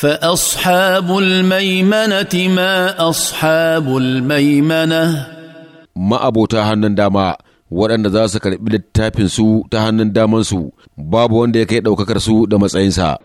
Fa الميمنه ما اصحاب الميمنه ما ابو تهنن داما waɗanda za su karɓi littafinsu ta hannun damansu babu wanda ya kai ɗaukakar su da matsayinsa